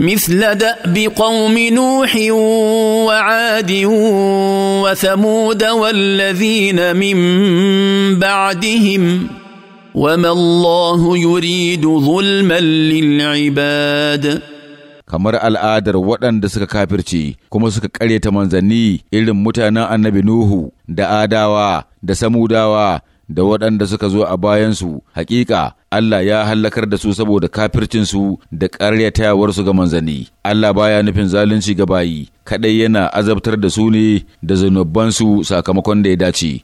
مثل داب قوم نوح وعاد وثمود والذين من بعدهم وما الله يريد ظلما للعباد kamar al'adar waɗanda suka kafirce kuma suka ƙaryata manzanni irin mutanen annabi Nuhu da Adawa da Samudawa da waɗanda suka zo a bayansu hakika Allah ya hallakar da su saboda kafircinsu da tayawarsu ga manzani Allah baya nufin zalunci ga bayi, kaɗai yana azabtar da su ne da zunubansu sakamakon da ya dace.